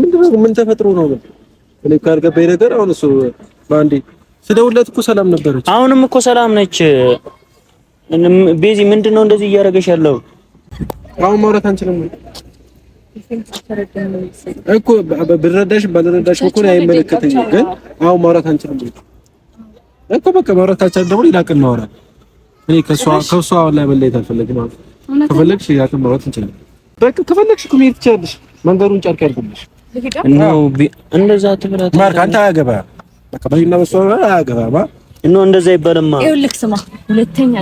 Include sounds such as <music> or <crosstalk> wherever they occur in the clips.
ምንድነው? ምን ተፈጥሮ ነው ግን እኔ ካልገባኝ ነገር አሁን እሱ ባንዴ ስደውልለት እኮ ሰላም ነበረች። አሁንም እኮ ሰላም ነች። ቤዚ ምንድነው እንደዚህ እያደረገሽ ያለው? አሁን ማውራት አንችልም እኮ ብረዳሽ ባልረዳሽ እኮ ነው አይመለከተኝም። ግን አሁን ማውራት አንችልም እኮ በቃ ማውራት አልቻልንም። ደግሞ ሌላ ቀን እናወራለን። እኔ ከሷ ከሷ አሁን ላይ መለየት አልፈለግም። ከፈለግሽ ሌላ ቀን ማውራት እንችላለን። በቃ ከፈለግሽ እኮ መሄድ ትችያለሽ። መንገዱን ጨርቅ ያድርግልሽ እንደዛ ትብላት ማርክ አንተ አያገባ እንደዛ ይባልማ። ይኸውልህ ስማ፣ ሁለተኛ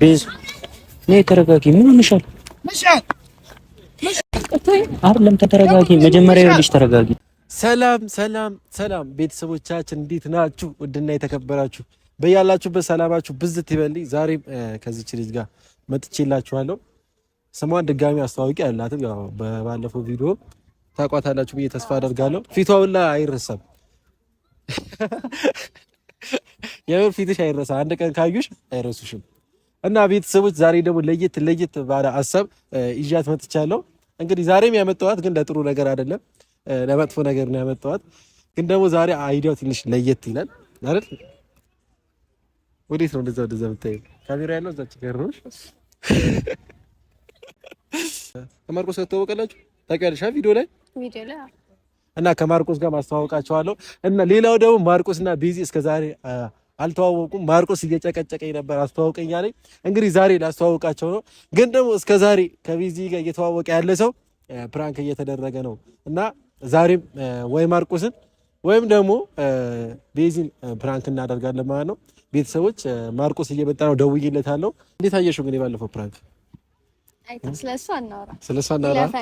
ቤዝ ነይ ተረጋጊ። ምን ሆነሻል? አይደለም ተረጋጊ። መጀመሪያ ይኸውልሽ ተረጋጊ። ሰላም ሰላም ሰላም፣ ቤተሰቦቻችን እንዴት ናችሁ? ውድና የተከበራችሁ በያላችሁበት ሰላማችሁ ብዝት ይበልኝ። ዛሬም ከዚች ልጅ ጋር መጥቼላችኋለሁ። ስሟን ድጋሚ አስተዋውቂ ያላትም ያው በባለፈው ቪዲዮ ታቋታላችሁ ብዬ ተስፋ አደርጋለሁ። ፊቷ ሁላ አይረሳም። <laughs> የምር ፊትሽ አይረሳ። አንድ ቀን ካዩሽ አይረሱሽም። እና ቤተሰቦች ዛሬ ደግሞ ለየት ለየት ባለ ሀሳብ ይዣት መጥቻለሁ። እንግዲህ ዛሬም ያመጣኋት ግን ለጥሩ ነገር አይደለም፣ ለመጥፎ ነገር ነው ያመጣኋት። ግን ደግሞ ዛሬ አይዲያው ትንሽ ለየት ይላል አይደል? ወዴት ነው እንደዛ ወደዛ ብታይ ካሜራ ያለው እዛች ገርኖሽ ከማርቆስ ጋር ተዋወቀላችሁ ታውቂያለሽ? ቪዲዮ ላይ ቪዲዮ ላይ እና ከማርቆስ ጋር ማስተዋወቃቸዋለሁ። እና ሌላው ደግሞ ማርቆስና ቤዚ እስከዛሬ አልተዋወቁም። ማርቆስ እየጨቀጨቀኝ ነበር አስተዋውቀኝ አለኝ። እንግዲህ ዛሬ ላስተዋወቃቸው ነው። ግን ደግሞ እስከዛሬ ከቢዚ ጋር እየተዋወቀ ያለ ሰው ፕራንክ እየተደረገ ነው እና ዛሬም ወይ ማርቆስን ወይም ደግሞ ቤዚን ፕራንክ እናደርጋለን ማለት ነው። ቤተሰቦች ማርቆስ እየመጣ ነው፣ ደውዬለታለሁ። እንዴት አየሽው ግን የባለፈው ፕራንክ ስለሱ አናወራ፣ <laughs>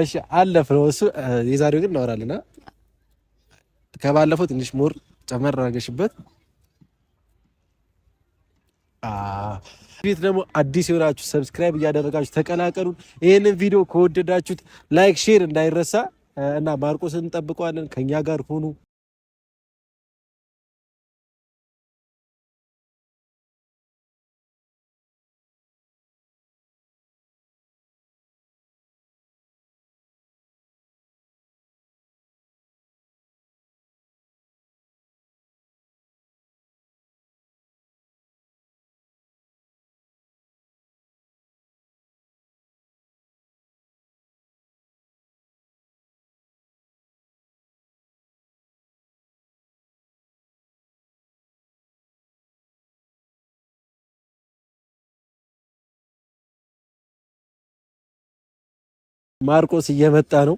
እሺ አለፍ ነው እሱ። የዛሬው ግን እናወራልና ከባለፈው ትንሽ ሞር ጨመር አድርገሽበት። ቤት ደግሞ አዲስ የሆናችሁ ሰብስክራይብ እያደረጋችሁ ተቀላቀሉን። ይህንን ቪዲዮ ከወደዳችሁት ላይክ፣ ሼር እንዳይረሳ እና ማርቆስ እንጠብቀዋለን። ከኛ ጋር ሆኑ? ማርቆስ እየመጣ ነው።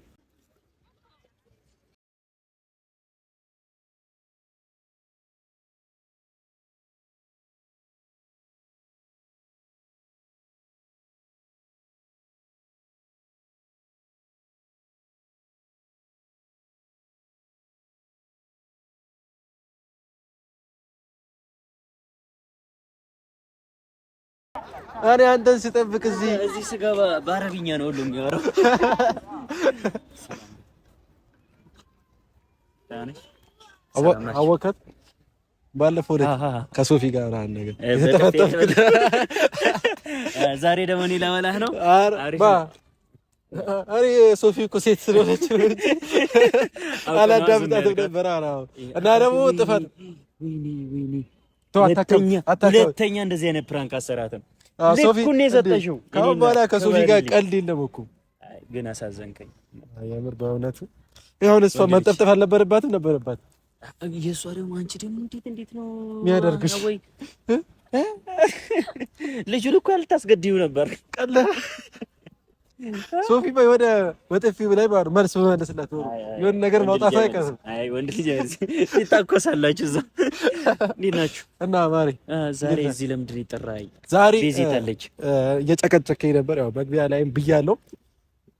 እኔ አንተን ስጠብቅ እዚህ እዚህ ስገባ በአረብኛ ነው ሁሉ የሚያወራው። አወከት ባለፈው ከሶፊ ጋር አንድ ነገር የተጠፈጠፍክ፣ ዛሬ ደግሞ እኔ ለመላህ ነው። አሪ ሶፊ እኮ ሴት ስለሆነች ነው እንጂ አላዳምጣትም ነበር። እና ደግሞ ጥፋት ሁለተኛ እንደዚህ አይነት ፕራንክ አሰራትም ልኩን የሰጠሽው ከአሁን በኋላ ከሶፊ ጋር ቀልድ የለም እኮ። ግን አሳዘንከኝ የምር በእውነቱ። አሁን እሷ መጠፍጠፍ አልነበረባትም ነበረባት። የእሷ ደግሞ አንቺ ደግሞ እንዴት እንዴት ነው የሚያደርግሽ? ልጁን እኮ ያልታስገድዩ ነበር ቀለ ሶፊ ባይ ወደ ወጥፊ ብላይ ባሩ መልስ በመለስላት የሆነ ነገር ማውጣት አይቀርም። አይ ወንድ ልጅ ይታኮሳላችሁ። እዛ እንዴት ናችሁ? እና ማሪ ዛሬ እዚህ ለምንድን ነው የጠራኸኝ? ዛሬ ቤዚታለች እየጨቀጨከኝ ነበር። ያው መግቢያ ላይም ብያለሁ።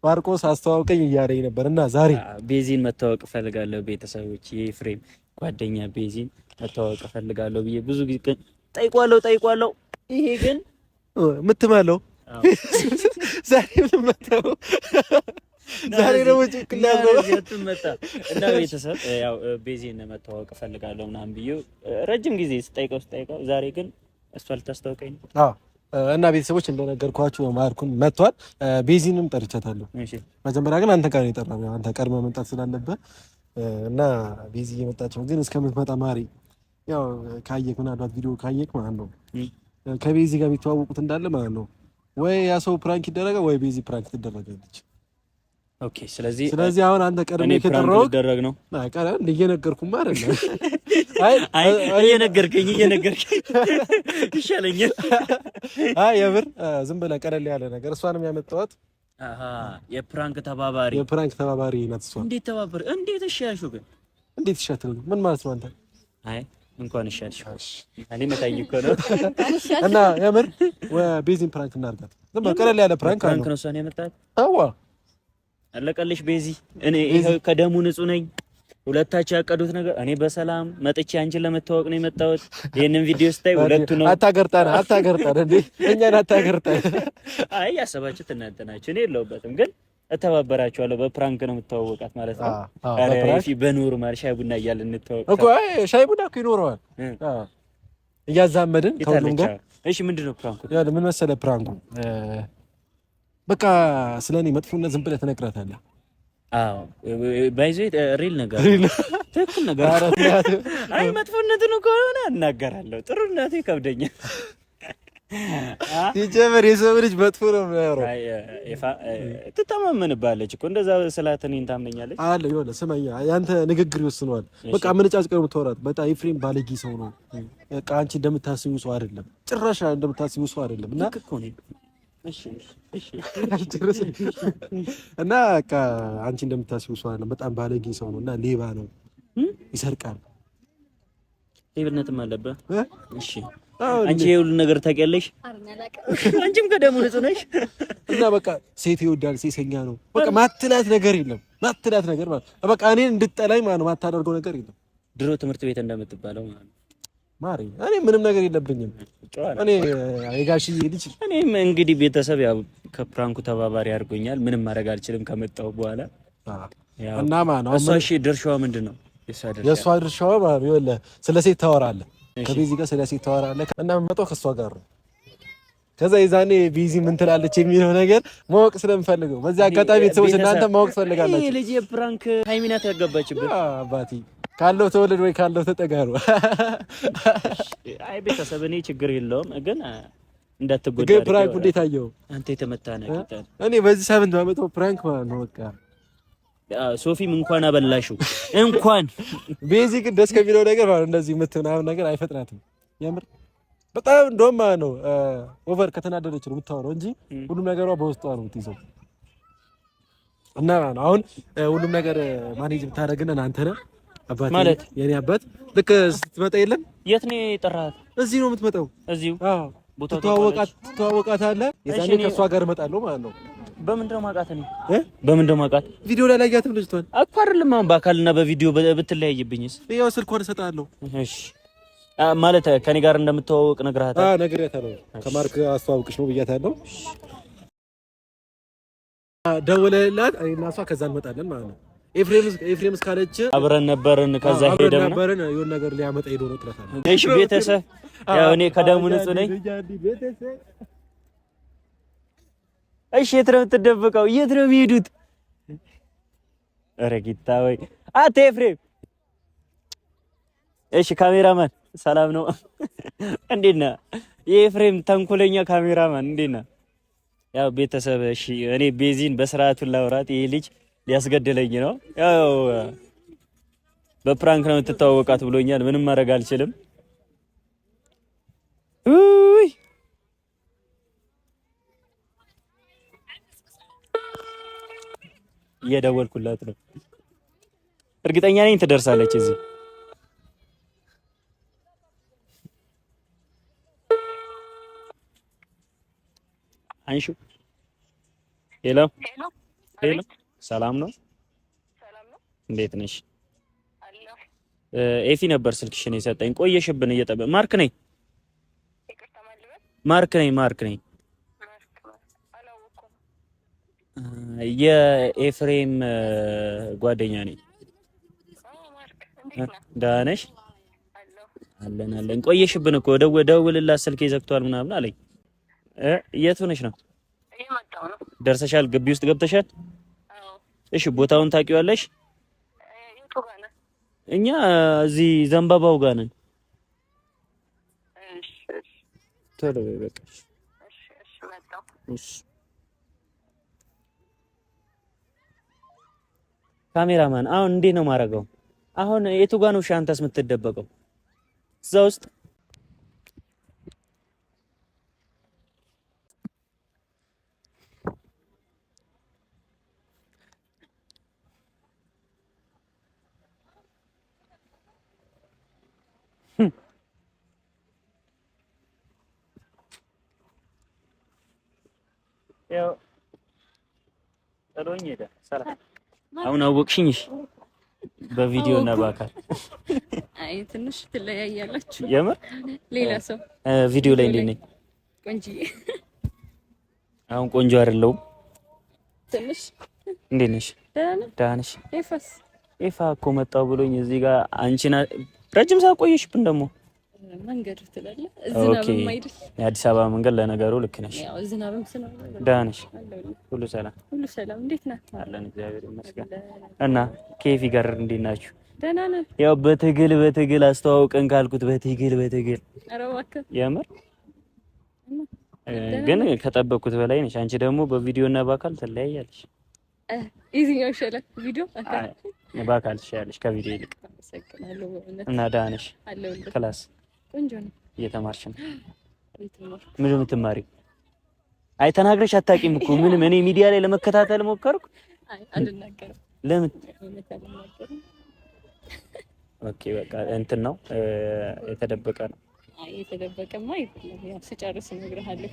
ማርቆስ አስተዋውቀኝ እያለኝ ነበር እና ዛሬ ቤዚን መታወቅ እፈልጋለሁ። ቤተሰቦች የኤፍሬም ጓደኛ ቤዚን መታወቅ እፈልጋለሁ ብዬ ብዙ ጊዜ ጠይቋለሁ ጠይቋለሁ። ይሄ ግን ምትመለው <laughs> ዛሬ መጣው ዛሬ ነው እና ቤተሰብ ያው ቤዚን መተዋወቅ እፈልጋለሁ ምናምን ብዬ ረጅም ጊዜ ስጠይቀው ስጠይቀው ዛሬ ግን እሷ ልታስታውቀኝ እና ቤተሰቦች እንደነገርኳችሁ ማርኩን መጥቷል። ቤዚንም ጠርቻታለሁ። መጀመሪያ ግን አንተ ጋር የጠራ አንተ ቀድመ መምጣት ስላለብህ እና ቤዚ እየመጣች ነው። ግን እስከምትመጣ ማሪ ያው ካየክ ምናልባት ቪዲዮ ካየክ ማለት ነው ከቤዚ ጋር የሚተዋወቁት እንዳለ ማለት ነው ወይ ያ ሰው ፕራንክ ይደረገ ወይ ቤዚ ፕራንክ ትደረጋለች። ኦኬ። ስለዚህ ስለዚህ አሁን አንተ ቀድሜ ከጠራው ይደረግ ነው ቀረ እየነገርኩማ አይደለ? <laughs> አይ እየነገርከኝ እየነገርከኝ <laughs> ይሻለኛል። <laughs> አይ የብር ዝም ብለህ ቀለል ያለ ነገር እሷንም ያመጣኋት የፕራንክ ተባባሪ የፕራንክ ተባባሪ ናት እሷ። እንዴት ተባበር እንዴት? እሺ ያልሺው ግን እንዴት ይሻትልኝ? ምን ማለት ነው አንተ? አይ እንኳን ይሻልሽ። መታይ መታኝ እኮ ነው። <laughs> እና የምር ቤዚን ፕራንክ እናድርጋት። ቀለል ያለ ፕራንክ ፕራንክ ነው። እሷን የመጣት አዋ አለቀልሽ። ቤዚ እኔ ከደሙ ንጹህ ነኝ። ሁለታቸው ያቀዱት ነገር እኔ በሰላም መጥቼ አንቺን ለመታወቅ ነው የመጣሁት። ይህንን ቪዲዮ ስታይ ሁለቱ ነው። አታገርጣን፣ አታገርጣን፣ እንዴ እኛን አታገርጣን። አይ ያሰባችሁት እናንተ ናችሁ፣ እኔ የለሁበትም ግን እተባበራቸዋለሁ። በፕራንክ ነው የምታወቃት ማለት ነው። በኖርማል ሻይ ቡና እያለ እንተዋወቅ እኮ። ሻይ ቡና እኮ ይኖረዋል እያዛመድን ከሁሉም ጋር። እሺ ምንድን ነው ፕራንኩ? ምን መሰለህ ፕራንኩ በቃ ስለ እኔ መጥፎነት ዝም ብለህ ትነግራታለህ። ባይዞ ሪል ነገር ትክክል ነገር። አይ መጥፎነትን ከሆነ እናገራለሁ፣ ጥሩነቴ ይከብደኛል <laughs> ሲጀመር የሰው ልጅ መጥፎ ነው የሚያወራው። ትተማመንባለች እኮ እንደዛ ስላት እኔን ታምነኛለች አለ። የሆነ ስመኛ ያንተ ንግግር ይወስነዋል። በቃ ምንጫጭቀው የምታወራት በጣም ኤፍሬም ባለጌ ሰው ነው። በቃ አንቺ እንደምታስቢው ሰው አይደለም፣ ጭራሽ እንደምታስቢው ሰው አይደለም። እና እና በቃ አንቺ እንደምታስቢው ሰው አይደለም። በጣም ባለጌ ሰው ነው እና ሌባ ነው፣ ይሰርቃል። ሌብነትም አለበት። እሺ አንቺ የሁሉ ነገር ታውቂያለሽ። አንቺም ከደሙ ንጹህ ነሽ እና በቃ ሴት ይወዳል፣ ሴሰኛ ነው። በቃ ማትላት ነገር የለም፣ ማትላት ነገር ማለት በቃ እኔን እንድጠላኝ ማለት ነው። ማታደርገው ነገር የለም። ድሮ ትምህርት ቤት እንደምትባለው ማሪ እኔ ምንም ነገር የለብኝም። እኔ የጋሽ ልጅ እኔም እንግዲህ ቤተሰብ ያው ከፕራንኩ ተባባሪ አድርጎኛል። ምንም ማድረግ አልችልም ከመጣሁ በኋላ እና ማ ነው። እሷ ድርሻዋ ምንድን ነው? የእሷ ድርሻዋ ማለት ነው። ስለ ሴት ታወራለህ ከቤዚ ጋር ስለ ሴት ታወራለህ እና የምመጣው ከእሷ ጋር ነው። ከዛ የዛኔ ቤዚ ምን ትላለች የሚለው ነገር ማወቅ ስለምፈልገው በዚህ አጋጣሚ ቤተሰቦች እናንተ ማወቅ ትፈልጋላችሁ። ልጅ የፕራንክ ሃይሚናት ያገባችበት አባቴ ካለው ተወልድ ወይ ካለው ተጠጋሩ። አይ ቤተሰብ እኔ ችግር የለውም ግን እንዳትጎዳ። ፕራንክ እንዴት አየኸው አንተ? የተመታ ነው። እኔ በዚህ ሳምንት ባመጣው ፕራንክ ማለት ነው በቃ ሶፊም እንኳን አበላሽው እንኳን ቤዚክ ደስ ከሚለው ነገር ማለት እንደዚህ የምትናምን ነገር አይፈጥናትም። የምር በጣም እንደውም ማለት ነው ኦቨር ከተናደደች ነው የምታወራው እንጂ ሁሉም ነገሯ በውስጧ ነው የምትይዘው። እና አሁን ሁሉም ነገር ማኔጅ ብታደርግልን አንተ ነህ አባቴ ማለት የኔ አባት። ልክ ስትመጣ የለም የት ነው የጠራኸት? እዚህ ነው የምትመጣው። እዚሁ አዎ፣ ትተዋወቃት ትተዋወቃት አለ የዛኔ ከእሷ ጋር እመጣለሁ ማለት ነው በምንድነው ማውቃት እኔ እ በምንድነው ማውቃት ቪዲዮ ላይ ላያትም ልጅቷን እኮ አይደለም። አሁን በአካልና በቪዲዮ ብትለያይብኝስ? ይኸው ስልኳን እሰጥሃለሁ። እሺ ማለት ከኔ ጋር እንደምትዋወቅ ነግረሃታለሁ? አዎ ነግሬያታለሁ። ከማርክ አስተዋውቅሽ ነው ብያታለሁ። ደውለህላት እና እሷ ከዛ እንመጣለን ማለት ነው። ኤፍሬም እስካለች አብረን ነበርን። ከዛ ሄደም ነበርን የሆነ ነገር ሊያመጣ ሄዶ ነው። እሺ ቤተሰብ ያው እኔ ከደሙ ንጹህ ነኝ። እሺ፣ የት ነው የምትደብቀው? የት ነው የሚሄዱት? ኧረ ጌታ ወይ አት ኤፍሬም። እሺ፣ ካሜራማን ሰላም ነው? እንዴት ነህ? የኤፍሬም ተንኮለኛ ካሜራማን እንዴት ነህ? ያው ቤተሰብ፣ እሺ፣ እኔ ቤዚን በስርዓቱ ላውራት። ይሄ ልጅ ሊያስገድለኝ ነው። ያው በፕራንክ ነው የምትተዋወቃት ብሎኛል። ምንም ማድረግ አልችልም። እየደወልኩላት ነው። እርግጠኛ ነኝ ትደርሳለች እዚህ። አንሹ። ሄሎ ሄሎ፣ ሰላም ነው? እንዴት ነሽ? ኤፊ ነበር ስልክሽን የሰጠኝ። ቆየሽብን። እየጠበ ማርክ ነኝ ማርክ ነኝ ማርክ ነኝ የኤፍሬም ጓደኛ ነኝ። ደህና ነሽ? አለን አለን። ቆየሽብን እኮ ደውልላት፣ ስልኬ ዘግቷል ምናምን አለኝ። የት ሆነሽ ነው? ደርሰሻል? ግቢ ውስጥ ገብተሻል? እሺ፣ ቦታውን ታውቂዋለሽ? እኛ እዚህ ዘንባባው ጋር ነን። ቶሎ በቃ። እሺ፣ እሺ ካሜራማን አሁን እንዴት ነው ማረገው? አሁን የቱ ጋር ነው ሻንታስ የምትደበቀው? እዛ ውስጥ ያው ጥሎኝ ሄደ። ሰላም አሁን አወቅሽኝ? እሺ፣ በቪዲዮ እና በአካል አይ፣ ትንሽ ትለያያላችሁ። የምር ሌላ ሰው ቪዲዮ ላይ እንዴት ነኝ? ቆንጆዬ። አሁን ቆንጆ አይደለሁም። ትንሽ እንዴት ነሽ? ደህና ነሽ? ኤፋስ ኤፋ እኮ መጣሁ ብሎኝ እዚህ ጋር አንቺና ረጅም ሰዓት ቆየሽብን ደግሞ መንገዱ ትላለህ። የአዲስ አበባ መንገድ ለነገሩ ልክ ነሽ። ደህና ነሽ? ሁሉ ሰላም፣ ሁሉ ሰላም። እንዴት ነህ? አለን እግዚአብሔር ይመስገን። እና ኬፊ ጋር እንዴት ናችሁ? ደህና ነን። ያው በትግል በትግል አስተዋውቀን ካልኩት በትግል በትግል የምር ግን ከጠበቅኩት በላይ ነሽ። አንቺ ደግሞ በቪዲዮ እና በአካል ትለያያለሽ። ይዚኛው ሸለ ቪዲዮ በአካል ይሻለሽ ከቪዲዮ ይልቅ እና ዳነሽ ነሽ? ክላስ ቆንጆ ነው። እየተማርሽ ነው? ምን የምትማሪው? አይ ተናግረሽ አታውቂም እኮ ምንም። እኔ ሚዲያ ላይ ለመከታተል ሞከርኩ። ለምን? ኦኬ በቃ እንትን ነው የተደበቀ ነው። የተደበቀማ ስጨርስ እነግርሃለሁ።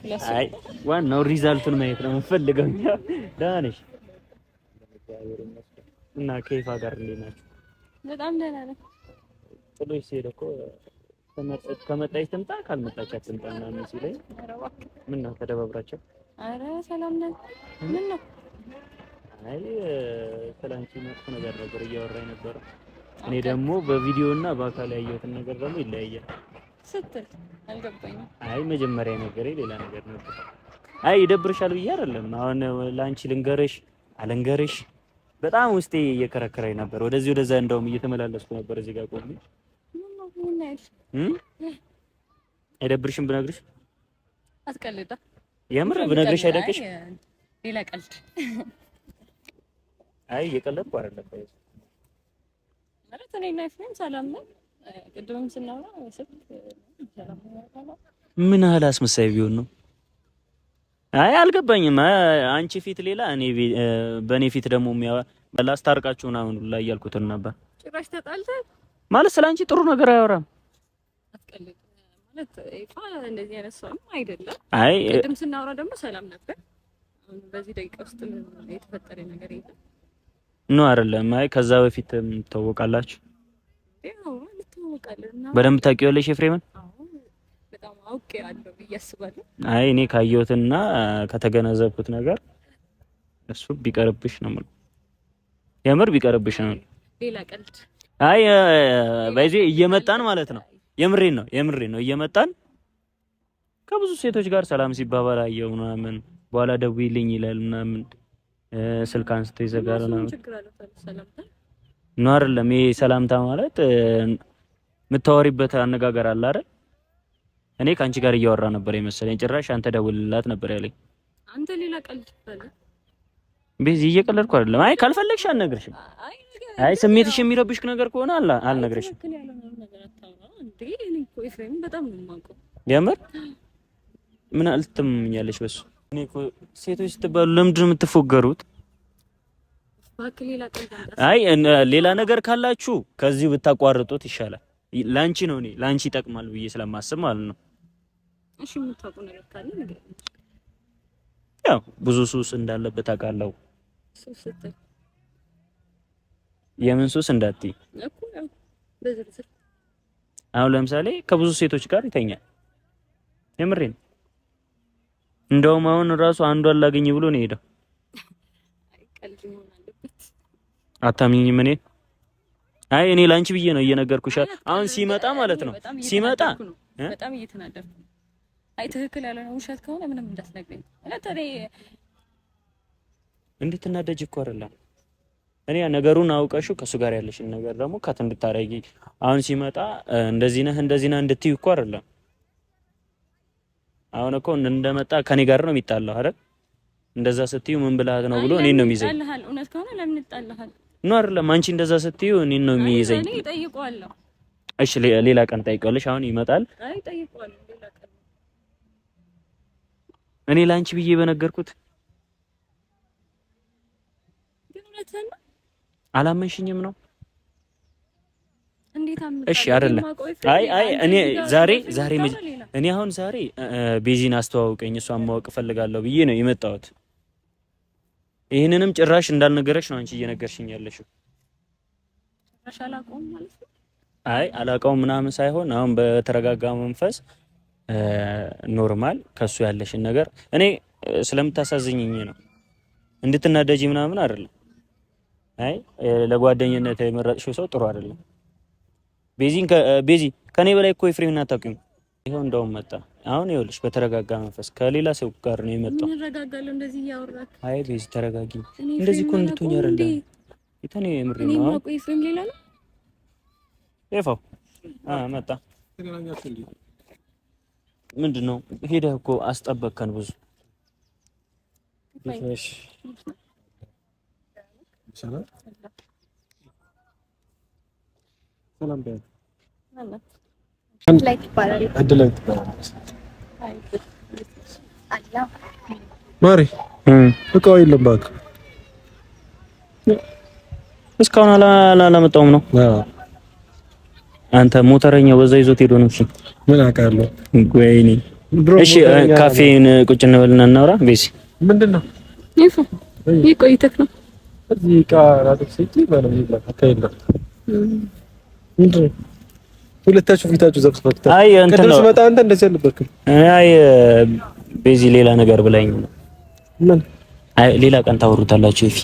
ዋናው ሪዛልቱን ማየት ነው የምፈልገው። ደህና ነሽ? እና ከይፋ ጋር እንዴት በጣም ደህና ነው። ጥሎሽ ሲሄድ እኮ ከመጣች ትምጣ ካልመጣች አትምጣ ምናምን ሲለኝ፣ ምን ነው ተደባብራቸው። ኧረ ሰላም ነን። ምን ነው? አይ ስለ መጥፎ ነገር ነበር እያወራኝ ነበረ። እኔ ደግሞ በቪዲዮ እና በአካል ያየሁትን ነገር ደግሞ ይለያያል ስትል አልገባኝም። አይ መጀመሪያ የነገረኝ ሌላ ነገር ነበር። አይ ይደብርሻል ብዬ አይደለም። አሁን ለአንቺ ልንገርሽ አልንገርሽ በጣም ውስጤ እየከረከረኝ ነበር። ወደዚህ ወደዛ እንደውም እየተመላለስኩ ነበር እዚህ ጋር ቆሜ አይደብርሽም ብነግርሽ? የምር ብነግርሽ ሌላ ቀልድ። አይ እየቀለድኩ አይደለም። ምን ያህል አስመሳይ ቢሆን ነው? አይ አልገባኝም። አንቺ ፊት ሌላ እኔ በእኔ ፊት ደግሞ ላስታርቃችሁ ምናምን ላይ እያልኩትን ነበር። ጭራሽ ተጣልተን ማለት ስለ አንቺ ጥሩ ነገር አያወራም። አይ ቅድም ስናወራ ደግሞ ሰላም ነበር። በዚህ ደቂቃ ውስጥ የተፈጠረ ነገር የለም። ኖ አይደለም። አይ ከዛ በፊት ትታወቃላችሁ፣ በደንብ ታውቂዋለሽ ኤፍሬምን። አይ እኔ ካየሁትና ከተገነዘብኩት ነገር እሱ ቢቀርብሽ ነው የምልህ፣ የምር ቢቀርብሽ ነው። ሌላ ቀልድ አይ በዚህ እየመጣን ማለት ነው። የምሬን ነው፣ የምሬን ነው። እየመጣን ከብዙ ሴቶች ጋር ሰላም ሲባባል አየሁ ምናምን፣ በኋላ ደውይልኝ ይላል ምናምን፣ ስልክ አንስቶ ይዘጋል ምናምን። ነው አይደለም ይሄ ሰላምታ ማለት የምታወሪበት አነጋገር አለ አይደል? እኔ ከአንቺ ጋር እያወራ ነበር የመሰለኝ። ጭራሽ አንተ ደውልላት ነበር ያለኝ። አንተ ሌላ ቀልድ ትፈልግ ቤዚ፣ እየቀለድኩ አይደለም። አይ ካልፈለግሽ አልነግርሽም። አይ ስሜትሽ የሚረብሽ ነገር ከሆነ አልነግረሽም። የምር ምን ልትመኛለሽ? በሱ እኔ እኮ ሴቶች ስትባሉ ለምንድን ነው የምትፎገሩት? አይ ሌላ ነገር ካላችሁ ከዚሁ ብታቋርጡት ይሻላል። ላንቺ ነው እኔ ላንቺ ይጠቅማል ብዬ ስለማስብ ማለት ነው። እሺ የምታውቀው ነገር ካለ ያው ብዙ ሱስ እንዳለበት አውቃለሁ። የምን ሱስ እንዳትይ። አሁን ለምሳሌ ከብዙ ሴቶች ጋር ይተኛል። የምሬን እንደውም አሁን ራሱ አንዱ አላገኝ ብሎ ነው ሄደው። አታምኝም? ምን አይ እኔ ላንቺ ብዬ ነው እየነገርኩሽ። አሁን ሲመጣ ማለት ነው ሲመጣ በጣም እየተናደድኩ አይ ትክክል ያልሆነ ውሸት ከሆነ ምንም እንዳትነግረኝ። እና እንዴት እናደጅ እኮ አይደለም እኔ ነገሩን አውቀሹ ከእሱ ጋር ያለሽን ነገር ደግሞ ከት እንድታረጊ አሁን ሲመጣ እንደዚህ ነህ እንደዚህ ነህ እንድትይ እኮ አይደለም። አሁን እኮ እንደመጣ ከኔ ጋር ነው የሚጣለው አይደል? እንደዛ ስትዩ ምን ብለሀት ነው ብሎ እኔን ነው የሚይዘኝ። እውነት ከሆነ ለምን ይጣላሃል? ኖ አይደለም። አንቺ እንደዛ ስትዩ እኔን ነው የሚይዘኝ። እሺ ሌላ ቀን ጠይቀዋለሽ። አሁን ይመጣል። እኔ ለአንቺ ብዬ በነገርኩት ግን አላመንሽኝም ነው? እሺ አይደለ አይ አይ እኔ ዛሬ ዛሬ እኔ አሁን ዛሬ ቤዚን አስተዋውቀኝ እሷን ማወቅ እፈልጋለሁ ብዬ ነው የመጣሁት። ይህንንም ጭራሽ እንዳልነገረች ነው አንቺ እየነገርሽኝ ያለሽው። አይ አላውቀውም ምናምን ሳይሆን አሁን በተረጋጋ መንፈስ ኖርማል ከሱ ያለሽን ነገር እኔ ስለምታሳዝኝኝ ነው እንድትናደጂ ምናምን አይደለም አይ ለጓደኝነት የመረጥሽው ሰው ጥሩ አይደለም። ቤዚን ቤዚ ከኔ በላይ እኮ ኤፍሬምን አታውቂም። ይኸው እንደውም መጣ። አሁን ይኸውልሽ በተረጋጋ መንፈስ ከሌላ ሰው ጋር ነው የመጣው። እንረጋጋለሁ። እንደዚህ እያወራክ አይ፣ ቤዚ ተረጋጊ። እንደዚህ እኮ እንድትሆኝ አይደለም። ይተኔ የምር ነው። አሁን ኤፍሬም ሌላ ነው። ኤፋው አ መጣ። ምንድን ነው ሄደህ እኮ አስጠበቅከን ብዙ ማሪ እቃው የለም እባክህ። እስካሁን አላመጣውም ነው አንተ ሞተረኛው በዛ ይዞት ሄዶ ነው። ምን አውቃለሁ። ወይኔ እሺ፣ ካፌን ቁጭ እንበልና እናውራ። ቤሲ ምንድን ነው ነው እዚህ ዕቃ ራሱ ሲቲ ማለት ነው። ይላል ምንድን ነው ሁለታችሁ ፊታችሁ ዘብስበት። አይ እንት ነው ስመጣ አንተ እንደዚህ አልነበርክም። አይ ቤዚ ሌላ ነገር ብላኝ ነው። ምን? አይ ሌላ ቀን ታወሩታላችሁ። ይፊ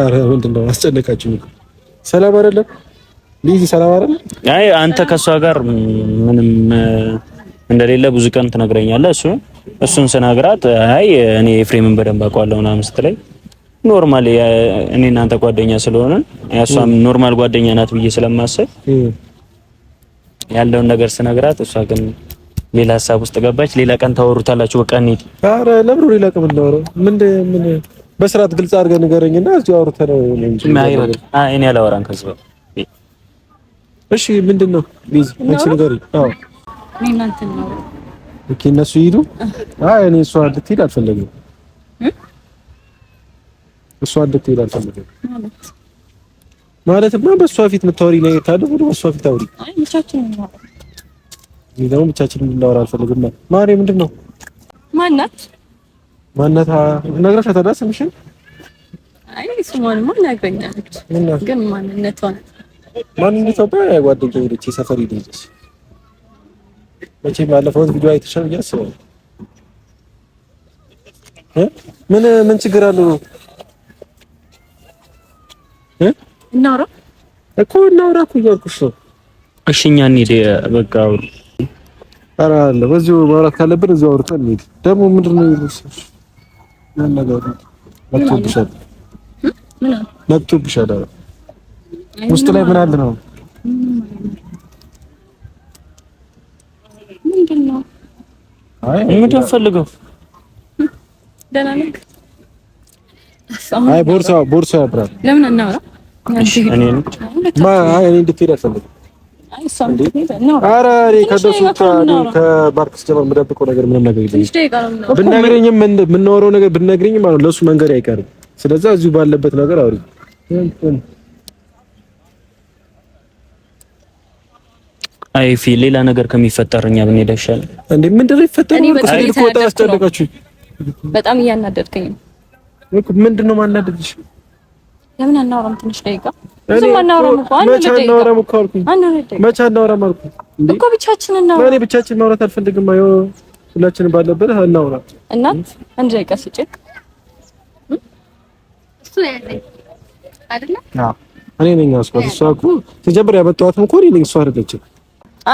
አረ ምንድን ነው አስጨነቃችሁ? ሰላም አይደለም ቤዚ ሰላም አይደለም። አይ አንተ ከእሷ ጋር ምንም እንደሌለ ብዙ ቀን ትነግረኛለህ። እሱ እሱን ስነግራት አይ እኔ ኤፍሬምን በደንብ አውቀዋለሁ ምናምን ስትለኝ ኖርማል እኔ እናንተ ጓደኛ ስለሆነ እሷም ኖርማል ጓደኛ ናት ብዬ ስለማሰብ ያለውን ነገር ስነግራት፣ እሷ ግን ሌላ ሀሳብ ውስጥ ገባች። ሌላ ቀን ታወሩታላችሁ። በቃ እንሂድ። ኧረ ለምን ሌላ ቀን የምናወራው? ምን ምን በስርዓት ግልጽ አድርገህ ንገረኝና እዚህ አውርተህ ነው እንጂ አይ እኔ አላወራም ከዚህ በኋላ እሺ። ምንድን ነው ቢዝ እንቺ ንገረኝ። አዎ እኔ እነሱ ይሄዱ። አይ እኔ እሷ ልትሄድ አልፈለግም እሷ ይላል አልፈልግም ማለት እና በእሷ ፊት የምታወሪ ላይ ታድያ ወደ በእሷ ፊት አውሪ። አይ ብቻችንን ነው እኔ ደግሞ ብቻችንን እንድናወራ አልፈልግም። ማሬ ምንድን ነው ማናት ነግረሽ ነግረሻታል? ስምሽን? አይ ግን ማንነቷን መቼም ባለፈው ቪዲዮ አይተሻል ብዬሽ አስባለሁ። ምን ምን ችግር አለው? እናውራ እኮ እናውራ እኮ እያልኩሽ ነው። እሺ እኛ እንሂድ በቃ ኧረ አለ በዚሁ ማውራት ካለብን እዚሁ አውርተን እንሂድ። ደግሞ ምንድን ነው የሚመስልሽ? ያን ነገር መጥቶብሻል፣ መጥቶብሻል። ኧረ ውስጥ ላይ ምን አለ ነው ምንድን ፈልገው? ደህና ነህ? አይ ቦርሳ ቦርሳ ያብራል። ለምን እናውራ እንድትሄድ አልፈልግም። ኧረ እኔ ከባርክስ ጀምሮ የምደብቀው ነገር ምንም ነገር የለኝም። ብትነግረኝም የምናወራው ነገር ብትነግረኝም አሁን ለእሱ መንገድ አይቀርም። ስለዛ እዚሁ ባለበት ነገር አውሪ። አይ ሌላ ነገር ከሚፈጠር እኛ ብንሄድ አይሻልም እንዴ? ምንድን ነው ይፈጠር በጣም እያናደድከኝ ነው። ምንድን ነው ማናደድሽ? ለምን አናወራም? ትንሽ ደቂቃ ብዙም አናወራም እኮ አንድ ደቂቃ አናወራም እኮ አልኩኝ። መቼ አናወራም አልኩኝ እኮ ብቻችን እናወራ። እኔ ብቻችን ማውራት አልፈልግም። አየው ሁላችንም ባለበት እናውራ። እናት አንድ ደቂቃ ስጭኝ። እሱ ያለኝ አይደለ? አዎ እኔ ነኝ ያስኳት። እሷ እኮ ሲጀምር ያመጣኋትም እኮ እኔ ነኝ። እሷ አይደለችም።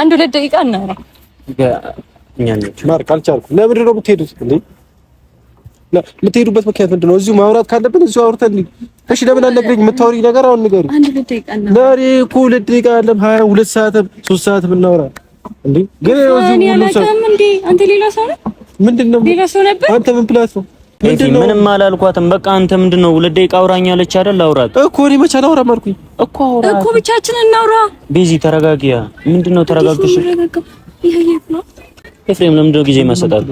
አንድ ሁለት ደቂቃ እናውራ። ለምንድን ነው የምትሄዱት? የምትሄዱበት ምክንያት ምንድን ነው? እዚሁ ማውራት ካለብን እዚሁ አውርተን። እሺ ለምን አልነግረኝ? የምታወሪኝ ነገር አሁን ንገሪኝ። አንድ እኮ ሁለት ደቂቃ አይደለም ሀያ ሁለት ሰዓትም ሶስት ሰዓትም እናውራ። እንዴ ግን አንተ ሌላ ሰው ነህ። ምንድን ነው ሌላ ሰው ነበር አንተ። ምን ነው ምንም አላልኳትም። በቃ አንተ ምንድን ነው ሁለት ደቂቃ አውራኝ አለች አይደል? አውራት እኮ እኔ መቼ አላወራም አልኩኝ እኮ አውራ እኮ ብቻችን እናውራ። ቤዚ ተረጋጊያ። ምንድን ነው ተረጋግተሽ? ኤፍሬም ለምንድን ነው ጊዜ የማይሰጣት?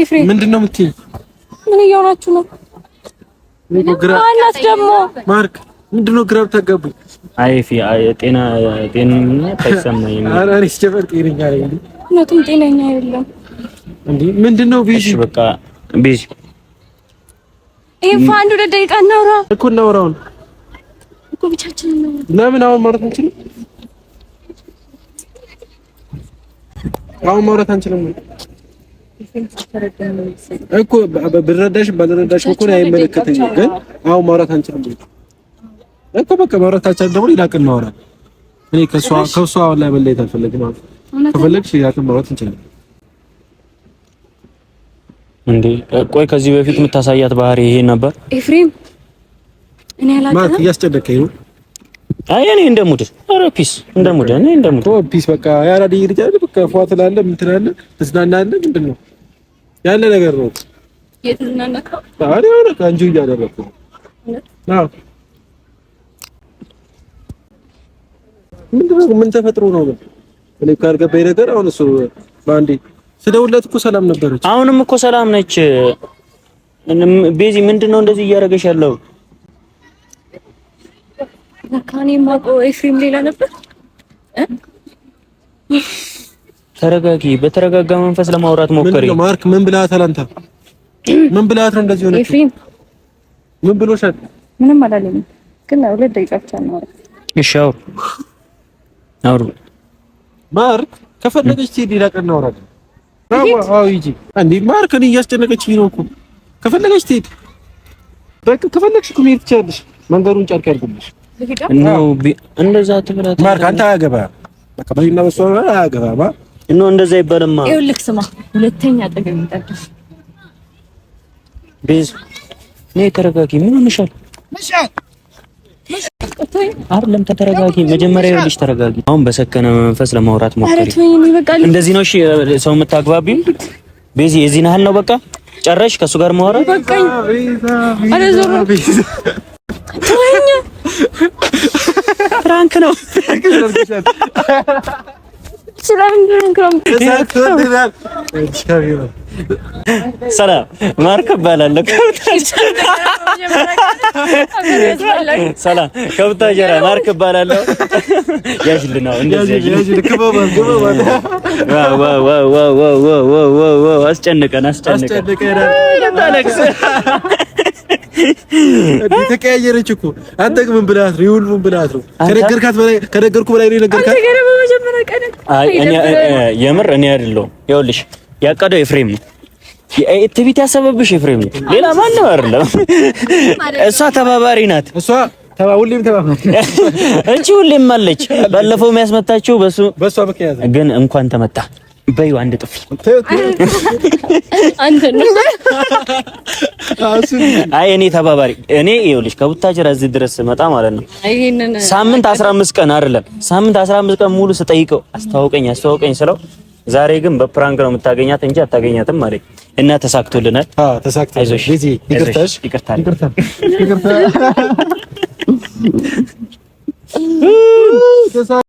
ኤፍሬም ምንድን ነው የምትይኝ? ምን እየሆናችሁ ነው? ማናት ደግሞ ማርክ ምንድን ነው ግራ ብታጋቡኝ? አይ ኤፊ ጤና ጤና አይሰማኝም። ኧረ እኔ ስጀምር ጤነኛ ነኝ እውነቱም ጤነኛ አይደለም እንዴ? ምንድን ነው ቢዚ? በቃ ቢዚ። ኤፋ አንድ ሁለት ደቂቃ እናውራ እኮ እናውራውን እኮ ብቻችንን ነው። ለምን አሁን ማለት እንችላለን አሁን ማውራት አንችልም እኮ ብረዳሽ ባልረዳሽ እኮ ነው አይመለከተኝም። ግን አሁን ማውራት አንችልም እኮ በቃ ማውራት አልቻልንም። ደግሞ ሌላ ቀን እናወራለን። እኔ ከሷ ከሷ አሁን ላይ መለየት አልፈለግም። ከፈለግሽ ሌላ ቀን ማውራት አንችልም። እንዴ ቆይ ከዚህ በፊት የምታሳያት ባህሪ ይሄ ነበር ኤፍሬም። እኔ አላውቅም ማለት እያስጨነቀኝ ነው አይ እኔ እንደሙድ ኧረ ፒስ እንደሙድ እኔ እንደሙድ ኦ ፒስ በቃ ያራ ዲግ ልጅ በቃ ፏ ትላለህ ምን ትላለህ ትዝናናለህ ምንድን ነው ያለ ነገር ነው የተዝናናከው ታሪ ኧረ ካንጂ እያደረኩ ነው ምንድን ነው ምን ተፈጥሮ ነው እኔ ካልገባኝ ነገር አሁን እሱ ባንዴ ስደውልለት እኮ ሰላም ነበረች አሁንም እኮ ሰላም ነች ቤዚ ምንድን ነው እንደዚህ እያደረገሽ ያለው ለካ ኤፍሬም ሌላ ነበር። ተረጋጊ። በተረጋጋ መንፈስ ለማውራት ሞከሪ። ማርክ ምን ምን ነው እንደዚህ ሆነች? ኤፍሬም ምን ብሎሻል? ምንም አላለኝም፣ ግን ሁለት ደቂቃ ብቻ ነው። እሺ አውሩ፣ አውሩ። ማርክ ከፈለገች ትሄድ እናወራለን። ማርክ እኔ እያስጨነቀችኝ ነው እኮ። ከፈለገች ትሄድ በቃ፣ ከፈለግሽ እኮ መሄድ ትችያለሽ። መንገዱን ጨርቅ ያድርግልሽ። እንደዛ ትብላት ማርክ ይኸውልህ ስማ፣ ሁለተኛ ጠገብ ይጣደፍ ቤዝ ነይ ተረጋጊ። ምን ሆነሻል? አይደለም ተረጋጊ። መጀመሪያ ይኸውልሽ ተረጋጊ። አሁን በሰከነ መንፈስ ለማውራት ሞክሪ። እንደዚህ ነው እሺ? ሰው የምታግባቢው ቤዚ የዚህን ያህል ነው። በቃ ጨረሽ ከእሱ ጋር ማውራት በቃ ተወኝ። ፍራንክ ነው። ሰላም ማርክ እባላለሁ። ሰላም ከቡታጀራ ማርክ እባላለሁ። ያጅልና እንደዚህ አስጨንቀን አስጨንቀን ተቀያየረች እኮ አትጠቅምም ብላት ነው ይሁሉም ብላት ነው። ከነገርካት በላይ ከነገርኩ በላይ ነው የነገርካት። የምር እኔ አይደለሁም። ይኸውልሽ ያቀደው ኤፍሬም ነው። የትቢት ያሰበብሽ ኤፍሬም ነው፣ ሌላ ማንም አይደለም። እሷ ተባባሪ ናት። እሷ ሁሌም ተባባሪ <laughs> እንጂ ሁሌም አለች። ባለፈው የሚያስመታችው በሱ በሷ ምክንያት ግን እንኳን ተመታ በዩ አንድ ጥፊ አይ እኔ ተባባሪ እኔ ይኸውልሽ ከቡታጅራ እዚህ ድረስ መጣ ማለት ነው። ሳምንት 15 ቀን አይደለም ሳምንት 15 ቀን ሙሉ ስጠይቀው አስተዋውቀኝ አስተዋውቀኝ ስለው ዛሬ ግን በፕራንክ ነው የምታገኛት እንጂ አታገኛትም ማለት እና ተሳክቶልናል። አዎ ተሳክቶልናል። እዚህ ይቅርታሽ ይቅርታ ይቅርታ ይቅርታ <laughs>